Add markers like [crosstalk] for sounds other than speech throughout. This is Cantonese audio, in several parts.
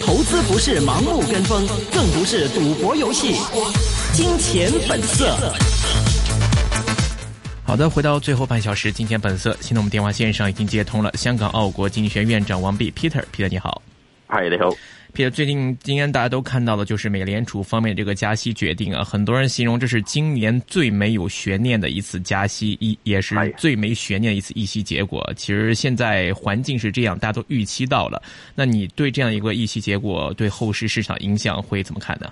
投資不是盲目跟風，更不是賭博遊戲。金錢本色。好的，回到最後半小時，金錢本色。現在我們電話線上已經接通了，香港澳國經濟學院院長王弼 Peter，Peter Peter，你好。嗨，你好。其實最近今天大家都看到的，就是美聯儲方面這個加息決定啊，很多人形容這是今年最沒有懸念的一次加息，亦也是最沒懸念的一次議息結果。其實現在環境是這樣，大家都預期到了。那你對這樣一個議息結果，對後市市場影響會怎麼看呢？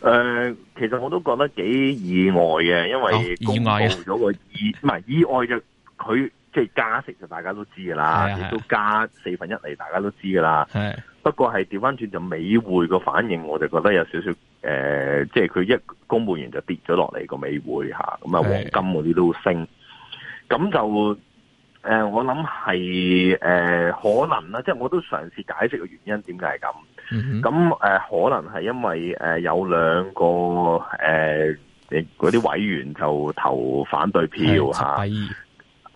呃，其實我都覺得幾意外嘅，因為公佈咗個意唔係、哦、意，意外就佢即係加息就大家都知噶啦，亦都加四分一厘，大家都知噶啦。不過係掉返轉就美匯個反應，我就覺得有少少誒，即係佢一公務員就跌咗落嚟，個美匯吓，咁啊黃金嗰啲都升，咁就誒、呃、我諗係誒可能啦，即係我都嘗試解釋嘅原因點解係咁，咁、嗯、誒、呃、可能係因為誒、呃、有兩個誒嗰啲委員就投反對票吓。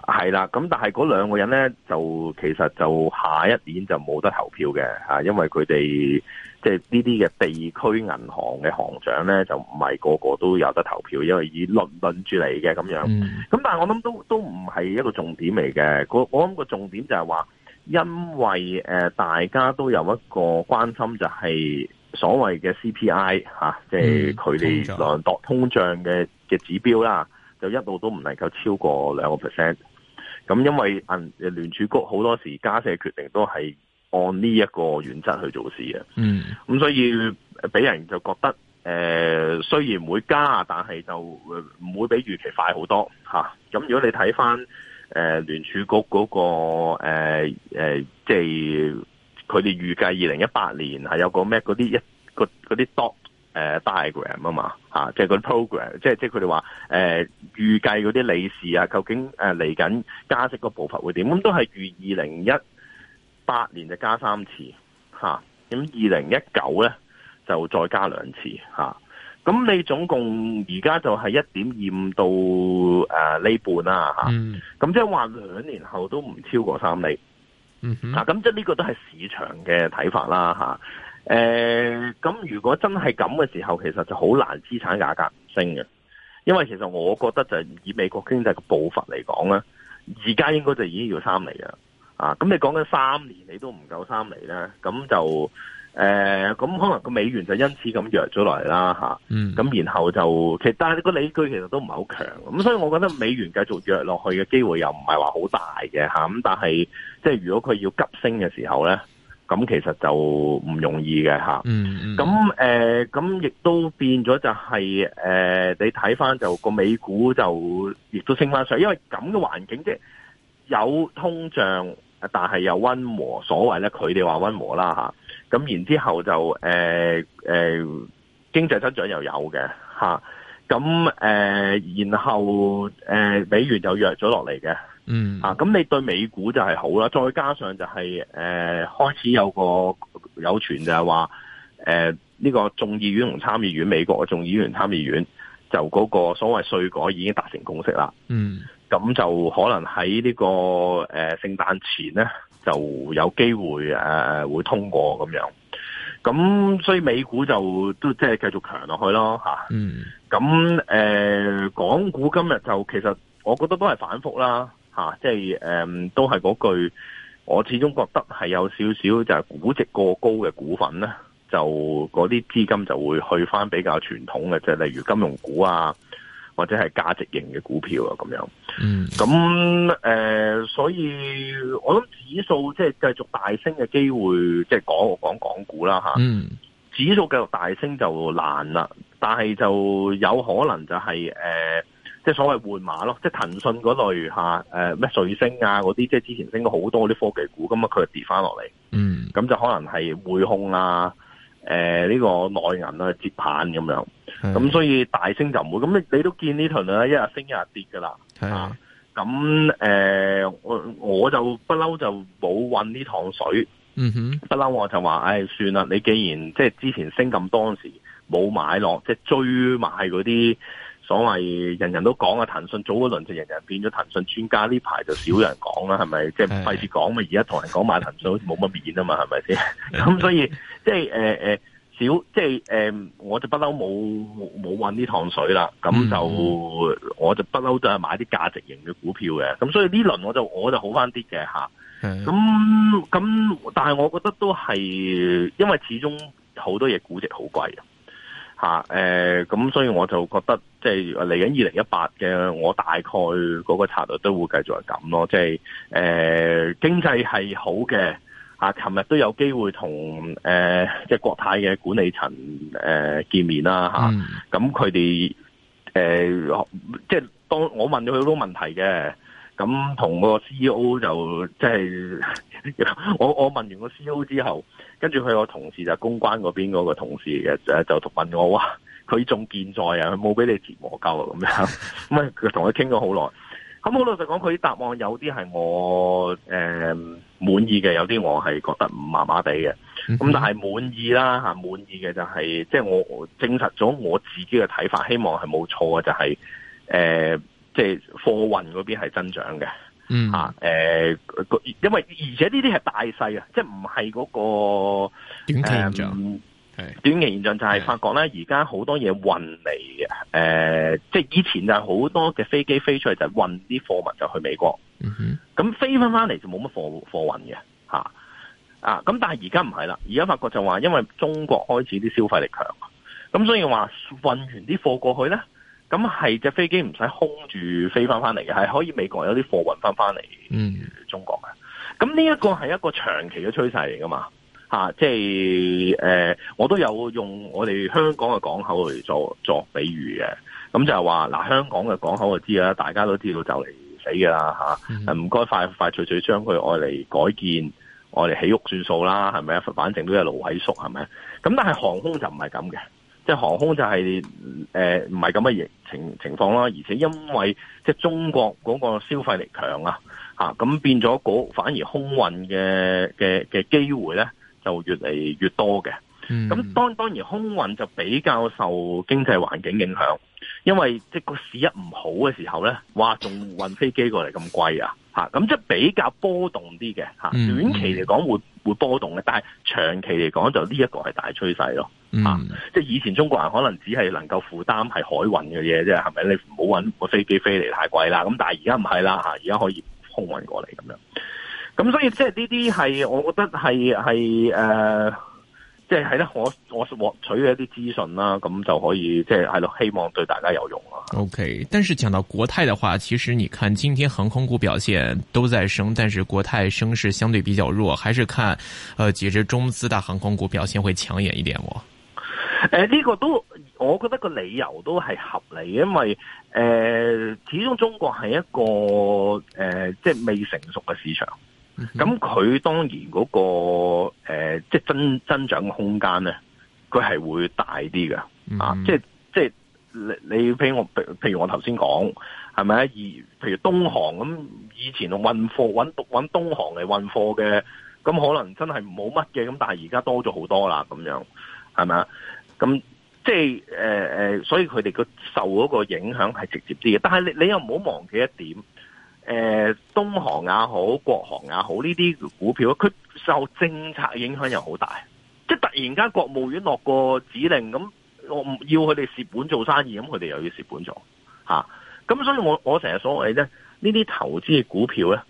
係啦，咁但係嗰兩個人咧，就其實就下一年就冇得投票嘅吓、啊，因為佢哋即係呢啲嘅地區銀行嘅行長咧，就唔係個個都有得投票，因為以輪輪住嚟嘅咁樣。咁、嗯、但係我諗都都唔係一個重點嚟嘅。我諗個重點就係話，因為誒、呃、大家都有一個關心就係所謂嘅 CPI 吓、啊，即係佢哋量度通脹嘅嘅指標啦，就一路都唔能夠超過兩個 percent。咁因為聯儲局好多時加息決定都係按呢一個原則去做事嘅，嗯，咁所以俾人就覺得誒、呃、雖然唔會加，但係就唔會比預期快好多吓咁、啊、如果你睇翻誒聯儲局嗰、嗰個誒、呃呃、即係佢哋預計二零一八年係有個咩嗰啲一嗰啲多。誒、uh, diagram、right? 啊嘛，嚇，即係個 program，即係即係佢哋話誒預計嗰啲利是啊，究竟誒嚟緊加息個步伐會點？咁都係預二零一八年就加三次嚇，咁二零一九咧就再加兩次嚇。咁、啊、你總共而家就係一點二五到誒呢、呃、半啦嚇。咁、啊嗯、即係話兩年後都唔超過三厘。嗯哼咁、啊、即係呢個都係市場嘅睇法啦嚇。啊誒、呃，咁如果真係咁嘅時候，其實就好難資產價格唔升嘅，因為其實我覺得就以美國經濟嘅步伐嚟講咧，而家應該就已經要三厘啦，啊，咁你講緊三年，你都唔夠三厘咧，咁就誒，咁、呃、可能個美元就因此咁弱咗落嚟啦，吓、啊，咁、嗯、然後就，其實但係個理據其實都唔係好強，咁所以我覺得美元繼續弱落去嘅機會又唔係話好大嘅吓，咁、啊、但係即係如果佢要急升嘅時候咧。咁其實就唔容易嘅吓，咁、嗯、誒，咁、嗯呃、亦都變咗就係、是、誒、呃，你睇翻就個美股就亦都升翻上，因為咁嘅環境即係有通脹，但係又溫和，所謂咧佢哋話溫和啦吓，咁、啊、然之後就誒誒、呃呃，經濟增長又有嘅吓，咁、啊、誒、呃、然後誒、呃、美元就弱咗落嚟嘅。嗯啊，咁你對美股就係好啦，再加上就係、是、誒、呃、開始有個有傳就係話誒呢個眾議院同參議院美國嘅眾議院、參議院，參議院就嗰個所謂稅改已經達成共識啦。嗯，咁就可能喺、這個呃、呢個誒聖誕前咧就有機會誒、呃、會通過咁樣。咁所以美股就都即係繼續強落去咯吓、啊。嗯，咁誒、呃、港股今日就其實我覺得都係反覆啦。啊，即係誒、嗯，都係嗰句，我始終覺得係有少少就係估值過高嘅股份咧，就嗰啲資金就會去翻比較傳統嘅，即係例如金融股啊，或者係價值型嘅股票啊，咁樣。嗯那。咁、呃、誒，所以我諗指數即係繼續大升嘅機會，即係講講港股啦吓、啊。嗯。指數繼續大升就難啦，但係就有可能就係、是、誒。呃即係所謂換馬咯，即係騰訊嗰類嚇，咩、啊、瑞、呃、星啊嗰啲，即係之前升咗好多嗰啲科技股，咁啊佢就跌翻落嚟，咁、嗯、就可能係匯控啦、啊，誒、呃、呢、呢個內銀啊接棒咁樣，咁所以大升就唔會，咁你都見呢屯啦，一日升一日跌㗎啦，係啊，咁誒我我就不嬲就冇混呢塘水，不、嗯、嬲我就話誒、哎、算啦，你既然即係之前升咁多時冇買落，即係追買嗰啲。所謂人人都講啊，騰訊早一輪就人人變咗騰訊專家，呢排就少人講啦，係 [laughs] 咪？即係費事講嘛，而家同人講買騰訊好似冇乜面啊嘛，係咪先？咁 [laughs] 所以即係誒誒少，即係誒我就不嬲冇冇揾呢趟水啦，咁就、嗯、我就不嬲就係買啲價值型嘅股票嘅，咁所以呢輪我就我就好翻啲嘅嚇。咁咁 [laughs] 但係我覺得都係因為始終好多嘢估值好貴啊嚇誒，咁、呃、所以我就覺得。即係嚟緊二零一八嘅，我大概嗰個策略都會繼續係咁咯。即係誒、呃，經濟係好嘅，啊，琴日都有機會同誒、呃、即係國泰嘅管理層誒、呃、見面啦吓。咁佢哋誒即係當我問咗佢好多問題嘅，咁同個 C E O 就即係 [laughs] 我我問完個 C E O 之後，跟住佢個同事就是、公關嗰邊嗰個同事嘅就問我話。佢仲健在啊！佢冇俾你折磨夠咁樣，咁啊佢同佢傾咗好耐。咁好老實講，佢答案有啲係我誒滿、呃、意嘅，有啲我係覺得麻麻地嘅。咁但係滿意啦吓，滿意嘅就係即係我證實咗我自己嘅睇法，希望係冇錯嘅，就係誒即係貨運嗰邊係增長嘅。吓、嗯、誒、啊呃，因為而且呢啲係大勢啊，即係唔係嗰個、呃、短短期現象就係發覺咧，而家好多嘢運嚟誒，即係以前就係好多嘅飛機飛出去就運啲貨物就去美國，咁、嗯、飛翻翻嚟就冇乜貨貨運嘅吓啊！咁、啊、但係而家唔係啦，而家發覺就話因為中國開始啲消費力強，咁所以話運完啲貨過去咧，咁係隻飛機唔使空住飛翻翻嚟，係可以美國有啲貨運翻翻嚟，中國嘅，咁呢一個係一個長期嘅趨勢嚟噶嘛。啊，即係誒、呃，我都有用我哋香港嘅港口嚟做作比喻嘅，咁就係話嗱，香港嘅港口我知啦，大家都知道就嚟死噶啦吓，唔、啊、該、mm-hmm, 快快脆脆將佢愛嚟改建，愛嚟起屋算數啦，係咪啊？反正都係路喺叔，係咪？咁但係航空就唔係咁嘅，即係航空就係誒唔係咁嘅情況情況啦，而且因為即係中國嗰個消費力強啊，吓、啊、咁變咗，反而空運嘅嘅嘅機會咧。就越嚟越多嘅，咁當當然空運就比較受經濟環境影響，因為即個市一唔好嘅時候咧，哇仲運飛機過嚟咁貴啊，吓，咁即比較波動啲嘅吓，短期嚟講會會波動嘅，但係長期嚟講就呢一個係大趨勢咯，即、嗯、以前中國人可能只係能夠負擔係海運嘅嘢啫，係咪你唔好揾個飛機飛嚟太貴啦，咁但係而家唔係啦吓，而家可以空運過嚟咁樣。咁所以即係呢啲係，我覺得係係誒，即係係咯，我我獲取嘅一啲資訊啦，咁就可以即係係咯，就是、希望對大家有用啦。OK，但是講到國泰嘅話，其實你看今天航空股表現都在升，但是國泰升勢相對比較弱，還是看誒、呃、其實中資大航空股表現會搶眼一點。誒、呃，呢、這個都我覺得個理由都係合理，因為誒、呃，始終中國係一個誒、呃、即係未成熟嘅市場。咁、嗯、佢當然嗰、嗰個誒、呃，即係增增長嘅空間咧，佢係會大啲嘅、嗯，啊，即係即係你你譬，譬如我譬如我頭先講係咪啊？而譬如東航咁，以前運貨搵搵東航嚟運貨嘅，咁可能真係冇乜嘅，咁但係而家多咗好多啦，咁樣係咪啊？咁即係誒誒，所以佢哋個受嗰個影響係直接啲嘅，但係你你又唔好忘記一點。誒，東航也好，國航也好，呢啲股票，佢受政策影響又好大，即係突然間國務院落個指令，咁我唔要佢哋蝕本做生意，咁佢哋又要蝕本做，吓、啊，咁所以我我成日所謂咧，呢啲投資嘅股票咧，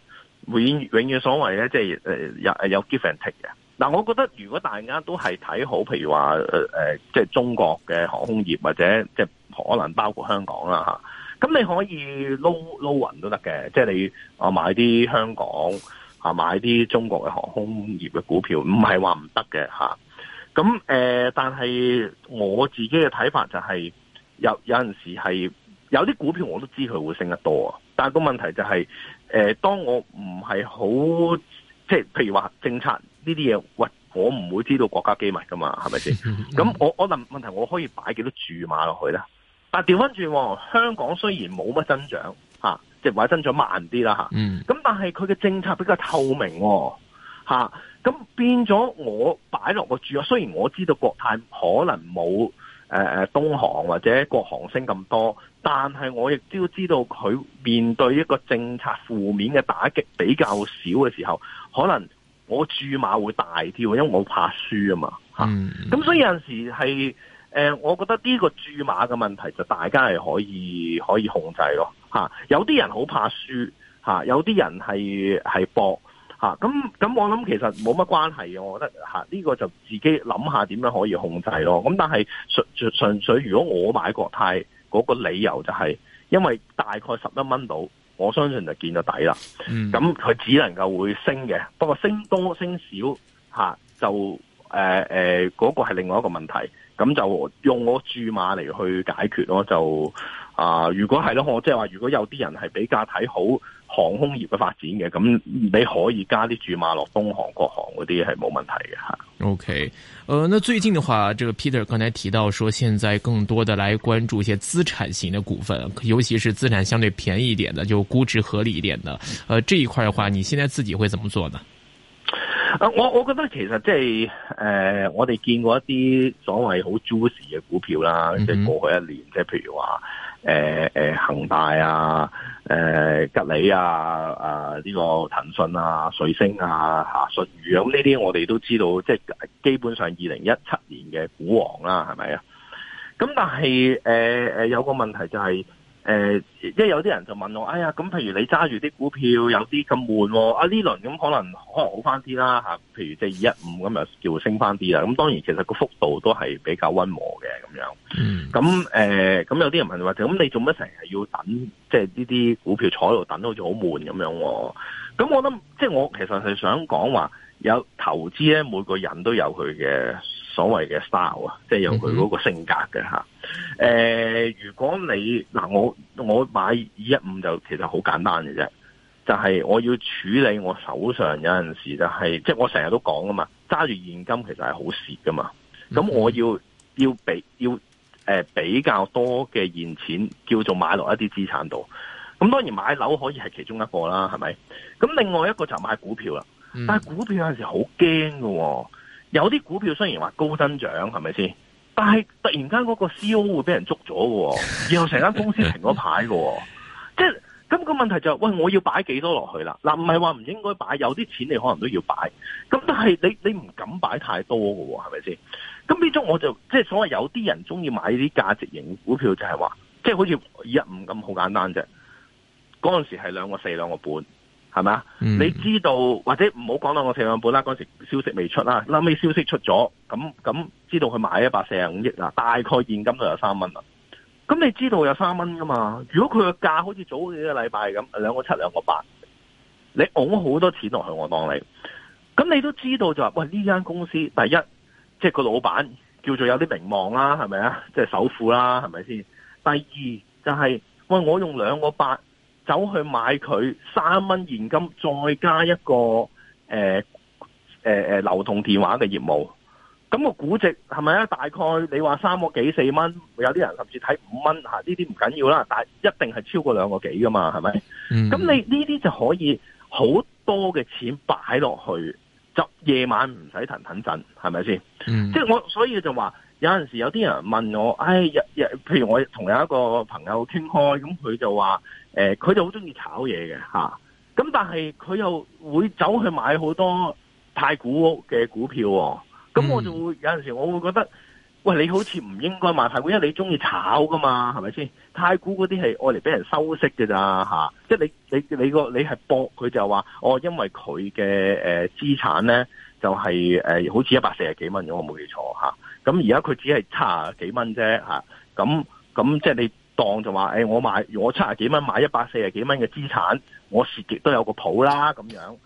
永永遠所謂咧，即係誒有有跌有停嘅。嗱、啊，我覺得如果大家都係睇好，譬如話誒誒，即、呃、係、就是、中國嘅航空業，或者即係、就是、可能包括香港啦，吓、啊。咁你可以撈撈雲都得嘅，即係你我、啊、買啲香港吓、啊，買啲中國嘅航空業嘅股票，唔係話唔得嘅吓。咁、啊、誒、呃，但係我自己嘅睇法就係、是、有有陣時係有啲股票我都知佢會升得多啊。但係個問題就係、是、誒、呃，當我唔係好即係，譬如話政策呢啲嘢，我我唔會知道國家機密噶嘛，係咪先？咁 [laughs] 我我問問題，我可，我可以擺幾多注碼落去咧？但係掉返轉，香港雖然冇乜增長，吓、啊、即係話增長慢啲啦吓。咁、啊嗯、但係佢嘅政策比較透明，吓、啊、咁、啊、變咗我擺落個注。雖然我知道國泰可能冇誒誒東航或者國航升咁多，但係我亦都知道佢面對一個政策負面嘅打擊比較少嘅時候，可能我注碼會大啲，因為我怕輸啊嘛吓。咁、嗯啊、所以有陣時係。誒、呃，我覺得呢個注碼嘅問題就大家係可以可以控制咯，吓、啊、有啲人好怕輸，吓、啊、有啲人係係搏，吓咁咁我諗其實冇乜關係嘅，我覺得吓呢、啊這個就自己諗下點樣可以控制咯。咁、啊、但係純純粹如果我買國泰嗰、那個理由就係、是、因為大概十一蚊到，我相信就見咗底啦。咁佢只能夠會升嘅，不過升多升少吓、啊、就誒誒嗰個係另外一個問題。咁就用我注碼嚟去解決咯，就啊、呃，如果係咯，我即係話，如果有啲人係比較睇好航空業嘅發展嘅，咁你可以加啲注碼落東航、國航嗰啲係冇問題嘅吓。OK，呃，那最近嘅話，這個 Peter 剛才提到說，現在更多的來關注一些資產型嘅股份，尤其是資產相對便宜一點嘅，就估值合理一點嘅，呃，這一塊嘅話，你現在自己會怎麼做呢？啊，我我覺得其實即係誒，我哋見過一啲所謂好 juicy 嘅股票啦，即係過去一年，即係譬如話誒誒恒大啊、誒吉利啊、啊呢個騰訊啊、瑞星啊、嚇信魚啊，咁呢啲，嗯、我哋都知道，即係基本上二零一七年嘅股王啦，係咪啊？咁但係誒誒有個問題就係。誒、呃，即係有啲人就問我，哎呀，咁譬如你揸住啲股票，有啲咁悶喎，啊呢輪咁可能可能好翻啲啦吓，譬如即係二一五咁又叫升翻啲啦，咁當然其實個幅度都係比較温和嘅咁樣。咁、嗯、誒、咁、呃、有啲人問話就咁，你做乜成日要等，即係呢啲股票坐喺度等好似好悶咁樣、啊？咁我諗，即係我其實係想講話，有投資咧，每個人都有佢嘅所謂嘅 style 啊，即係有佢嗰個性格嘅嚇。誒、嗯呃，如果你嗱、呃，我我買二一五就其實好簡單嘅啫，就係、是、我要處理我手上有陣時就係、是，即、就、係、是、我成日都講㗎嘛，揸住現金其實係好蝕㗎嘛。咁我要要比要誒、呃、比較多嘅現錢叫做買落一啲資產度。咁當然買樓可以係其中一個啦，係咪？咁另外一個就是買股票啦。但係股票有陣時好驚㗎喎。有啲股票雖然話高增長，係咪先？但係突然間嗰個 C.O. 會俾人捉咗嘅、哦，然後成間公司停咗牌嘅、哦，即係咁個問題就係、喂，我要擺幾多落去啦？嗱，唔係話唔應該擺，有啲錢你可能都要擺，咁但係你你唔敢擺太多喎、哦，係咪先？咁呢種我就即係所謂有啲人中意買啲價值型股票就，就係話即係好似一五咁好簡單啫。嗰陣時係兩個四兩個半。係咪啊？你知道或者唔好講到我四萬本啦，嗰時消息未出啦，後尾消息出咗，咁咁知道佢買一百四十五億啦，大概現金就有三蚊啦，咁你知道有三蚊噶嘛？如果佢個價好似早幾個禮拜咁，兩個七兩個八，你拱好多錢落去我當你，咁你都知道就話喂，呢間公司第一即係個老闆叫做有啲名望啦，係咪啊？即係首富啦，係咪先？第二就係喂我用兩個八。走去買佢三蚊現金，再加一個誒、呃呃、流動電話嘅業務，咁、個估值係咪咧？大概你話三個幾四蚊，有啲人甚至睇五蚊，呢啲唔緊要啦，但係一定係超過兩個幾噶嘛，係咪？咁、嗯、你呢啲就可以好多嘅錢擺落去，就夜晚唔使騰騰震，係咪先？嗯、即係我所以就話。有陣時有啲人問我，日、哎、日，譬如我同有一個朋友傾開，咁佢就話，誒，佢就好中意炒嘢嘅吓，咁但係佢又會走去買好多太古屋嘅股票，咁我就會有陣時我會覺得，喂，你好似唔應該買太股，因為你中意炒噶嘛，係咪先？太古嗰啲係愛嚟俾人收息嘅咋吓，即係你你你個你係搏佢就話，哦，因為佢嘅誒資產咧就係、是、誒好似一百四十幾蚊咗，我冇記錯吓。咁而家佢只係七十幾蚊啫，咁咁即係你當就話，誒、欸、我買我七十幾蚊買一百四十幾蚊嘅資產，我蝕亦都有個譜啦，咁樣，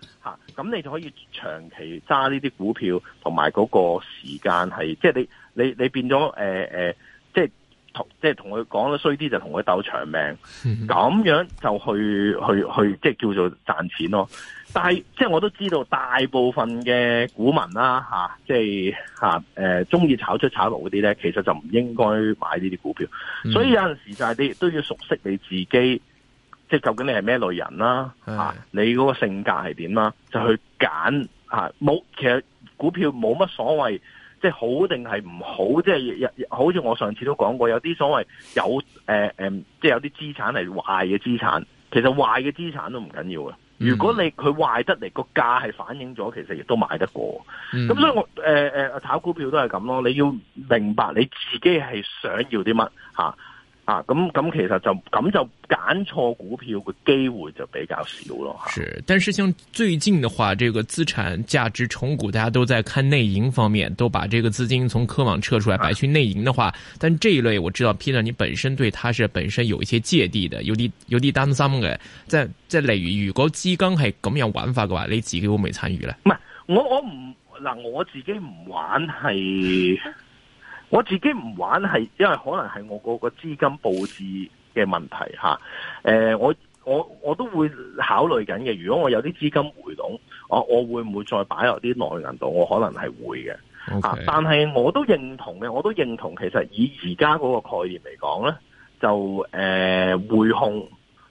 咁你就可以長期揸呢啲股票同埋嗰個時間係，即係你你你變咗誒、呃呃、即係同即係同佢講得，衰啲就同佢鬥長命，咁樣就去去去即係叫做賺錢咯。但係，即係我都知道，大部分嘅股民啦、啊，吓、啊，即係吓，誒、啊，中、呃、意炒出炒落啲咧，其實就唔應該買呢啲股票、嗯。所以有陣時就係你都要熟悉你自己，即係究竟你係咩類人啦、啊，吓、啊，你嗰個性格係點啦，就去揀吓。冇、啊，其實股票冇乜所謂，即係好定係唔好，即係，好似我上次都講過，有啲所謂有誒誒、呃呃，即係有啲資產係壞嘅資產，其實壞嘅資產都唔緊要嘅。嗯、如果你佢壞得嚟，個價係反映咗，其實亦都買得過。咁所以我誒誒、呃、炒股票都係咁咯，你要明白你自己係想要啲乜嚇。啊，咁咁其實就咁就揀錯股票嘅機會就比較少咯吓。係，但係像最近嘅話，這個資產價值重估，大家都在看內營方面，都把這個資金從科網撤出來，擺去內營嘅話。但這一類我知道 Peter，你本身對它是本身有一些芥蒂嘅，有啲有啲擔心嘅。即即例如，如果基金係咁樣玩法嘅話，你自己會唔會參與咧？唔係，我我唔嗱，我自己唔玩系。我自己唔玩係，因為可能係我個個資金布置嘅問題吓。誒、呃，我我我都會考慮緊嘅。如果我有啲資金回籠，我我會唔會再擺落啲內銀度？我可能係會嘅。Okay. 但係我都認同嘅，我都認同其實以而家嗰個概念嚟講咧，就誒匯控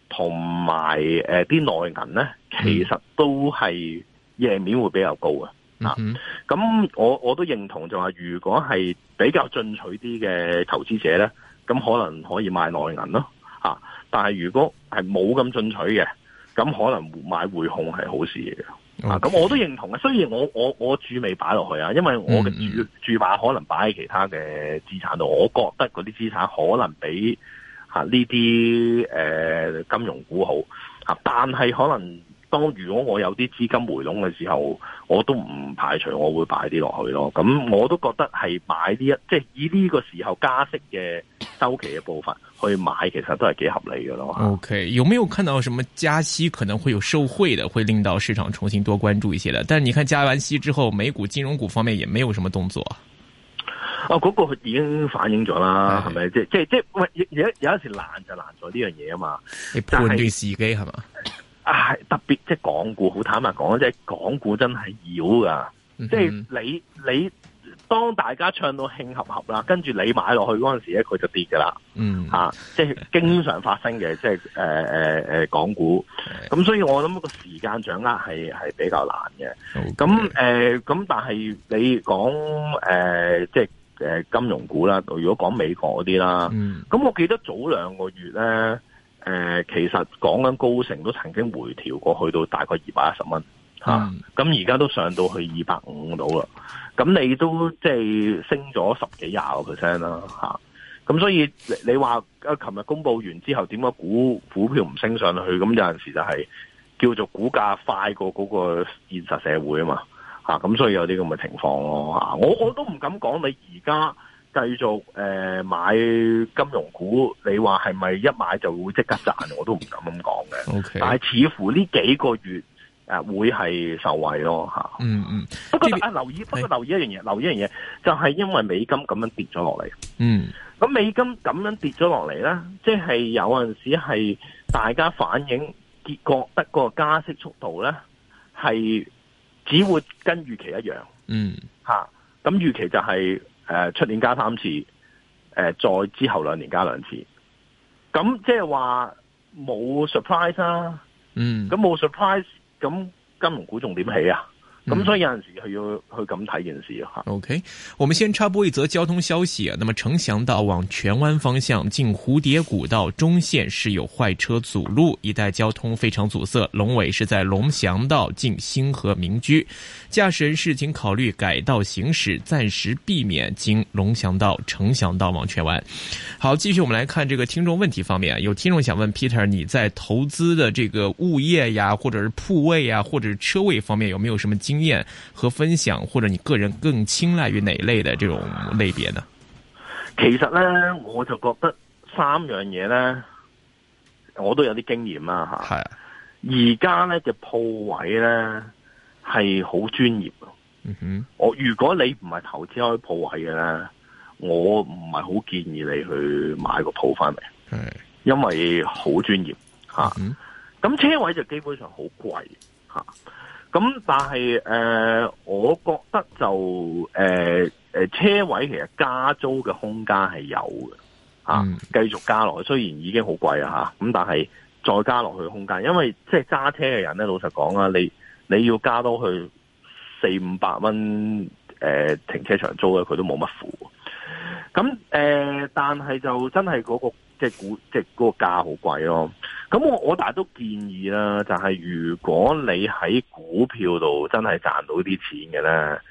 同埋誒啲內銀咧，其實都係夜面會比較高嘅。嗱、mm -hmm. 啊，咁我我都認同就話，如果係比較進取啲嘅投資者咧，咁可能可以買內銀咯，吓、啊。但係如果係冇咁進取嘅，咁可能買匯控係好事嚟嘅。咁、okay. 啊、我都認同嘅。雖然我我我注未擺落去啊，因為我嘅主把可能擺喺其他嘅資產度，我覺得嗰啲資產可能比吓呢啲誒金融股好。吓、啊，但係可能。當如果我有啲資金回籠嘅時候，我都唔排除我會擺啲落去咯。咁我都覺得係擺啲，一，即係以呢個時候加息嘅周期嘅部分去買，其實都係幾合理嘅咯。OK，有冇有看到什麼加息可能會有受惠嘅，會令到市場重新多關注一些嘅？但係你看加完息之後，美股、金融股方面也沒有什麼動作。哦，嗰、那個已經反映咗啦，係咪、哎？即係即係即係，有有一時難就難在呢樣嘢啊嘛。你判斷時機係嘛？啊、哎，特別即係港股，好坦白講，即係港股真係妖噶、嗯，即係你你當大家唱到興合合啦，跟住你買落去嗰陣時咧，佢就跌噶啦、嗯，啊，即係經常發生嘅，即係誒誒誒港股，咁所以我諗個時間掌握係係比較難嘅，咁誒咁，但係你講誒、呃、即係誒金融股啦，如果講美國嗰啲啦，咁、嗯、我記得早兩個月咧。誒、呃，其實講緊高成都曾經回調過，去到大概二百一十蚊吓，咁而家都上到去二百五到啦，咁你都即係升咗十幾廿個 percent 啦吓，咁、啊啊、所以你話琴日公布完之後點解股股票唔升上去？咁有陣時就係叫做股價快過嗰個現實社會啊嘛，吓、啊、咁、啊、所以有啲咁嘅情況咯吓，我我都唔敢講你而家。繼續誒、呃、買金融股，你話係咪一買就會即刻賺？我都唔敢咁講嘅。Okay. 但係似乎呢幾個月誒、呃、會係受惠咯吓。嗯嗯。不過啊，留意不過留意一樣嘢，留意一樣嘢就係、是、因為美金咁樣跌咗落嚟。嗯。咁美金咁樣跌咗落嚟咧，即、就、係、是、有陣時係大家反映，覺得個加息速度咧係只會跟預期一樣。嗯。吓、啊，咁預期就係、是。誒、呃，出年加三次，誒、呃，再之後兩年加兩次，咁即係話冇 surprise 啦、啊，嗯，咁冇 surprise，咁金融股仲點起啊？咁所以有陣時係要去咁睇件事嚇。OK，我們先插播一則交通消息啊。那麼呈祥道往荃灣方向近蝴蝶谷道中線是有壞車阻路，一帶交通非常阻塞。龍尾是在龍翔道近星河明居，駕駛人士請考慮改道行駛，暫時避免經龍翔道、呈祥道往荃灣。好，繼續我們來看這個聽眾問題方面啊，有聽眾想問 Peter，你在投資的這個物業呀，或者是鋪位呀，或者是車位方面，有沒有什麼經。經驗和分享，或者你個人更青睞於哪類的這種類別呢？其實呢我就覺得三樣嘢呢我都有啲經驗啦吓。係而家咧隻鋪位呢係好專業的。嗯哼，我如果你唔係投資開鋪位嘅呢，我唔係好建議你去買個鋪翻嚟、嗯。因為好專業吓，咁、啊、車位就基本上好貴吓。啊咁、嗯、但係誒、呃，我覺得就誒誒、呃、車位其實加租嘅空間係有嘅吓，繼、啊嗯、續加落去，雖然已經好貴啦吓，咁、啊、但係再加落去空間，因為即係揸車嘅人咧，老實講啊，你你要加多去四五百蚊誒、呃、停車場租咧，佢都冇乜負。咁誒、呃，但係就真係嗰、那個即係估即係嗰個價好貴咯。咁我我大都建議啦，就係、是、如果你喺股票度真係賺到啲錢嘅咧，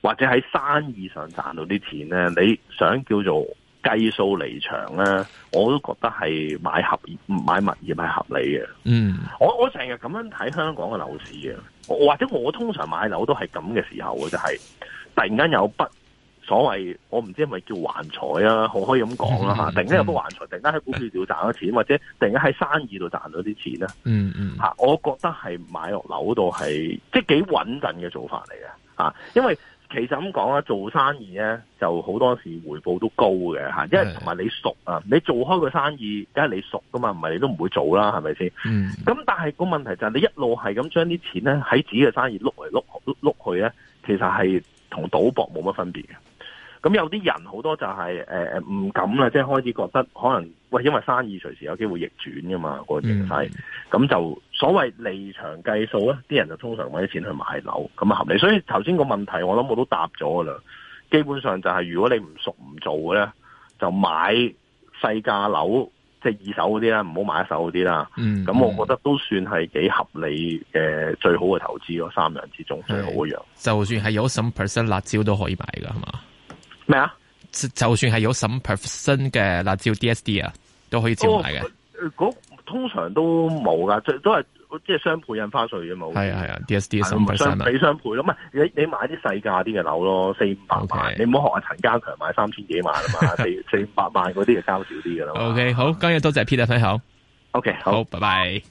或者喺生意上賺到啲錢咧，你想叫做計數離場咧，我都覺得係買合買物業係合理嘅。嗯，我我成日咁樣睇香港嘅樓市嘅，或者我通常買樓都係咁嘅時候嘅，就係、是、突然間有筆。所謂我唔知係咪叫橫財啊，可可以咁講啦嚇。突然間有咩橫財，突然間喺股票度賺咗錢，或者突然間喺生意度賺咗啲錢咧。嗯、啊、嗯我覺得係買落樓度係即係幾穩陣嘅做法嚟嘅、啊、因為其實咁講啦，做生意咧就好多時回報都高嘅、啊、因為同埋你熟啊，你做開個生意，梗係你熟噶嘛，唔係你都唔會做啦，係咪先？咁、嗯、但係個問題就係、是、你一路係咁將啲錢咧喺自己嘅生意碌嚟碌碌去咧，其實係同賭博冇乜分別嘅。咁有啲人好多就係誒唔敢啦，即係開始覺得可能喂，因為生意隨時有機會逆轉噶嘛，個形勢，咁就所謂離場計數咧，啲人就通常揾啲錢去買樓咁合理。所以頭先個問題我諗我都答咗噶啦，基本上就係如果你唔熟唔做咧，就買細價樓即係、就是、二手嗰啲啦，唔好買一手嗰啲啦。咁、嗯、我覺得都算係幾合理嘅最好嘅投資咯，三樣之中。最好嘅樣，就算係有10 percent 辣椒都可以買噶，係嘛？咩啊？就算係有十 percent 嘅辣椒 D S D 啊，都可以照買嘅。嗰、哦呃、通常都冇噶，都係即係雙倍印花稅啫冇係啊係啊，D S D 雙倍三俾雙倍咯，唔、啊、係你你買啲細價啲嘅樓咯，四五百萬，okay. 你唔好學阿陳家強買三千幾萬啊嘛，四四五百萬嗰啲就交少啲嘅啦。O、okay, K，好，今日多謝 Peter 睇好。O、okay, K，好,好，拜拜。